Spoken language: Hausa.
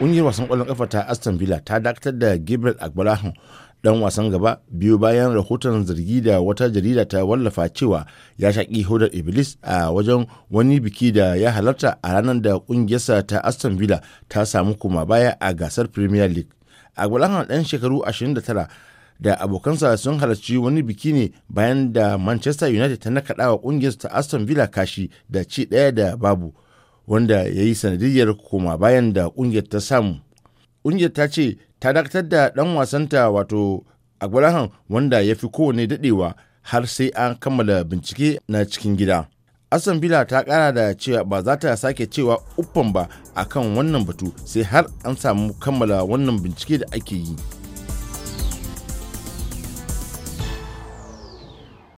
ƙungiyar wasan ƙwallon ƙafa ta aston villa ta dakatar da gabriel agbalahun dan wasan gaba biyu bayan rahoton zargi da wata jarida ta wallafa cewa ya shaƙi hodar iblis a wajen wani biki da ya halarta a ranar da ƙungiyarsa ta aston villa ta samu kuma baya a gasar premier league agbalahun ɗan shekaru 29 da abokansa sun halarci wani biki ne bayan da manchester united ta nakaɗa wa ƙungiyarsa ta aston villa kashi da ci ɗaya da babu wanda ya yi sanadiyar koma bayan da ƙungiyar ta samu ƙungiyar ta ce ta dakatar da ɗan wasanta wato agbalahan wanda ya fi kowane daɗewa har sai an kammala bincike na cikin gida Asan Bila ta kara da cewa ba za ta sake cewa uffan ba a kan wannan batu sai har an samu kammala wannan bincike da ake yi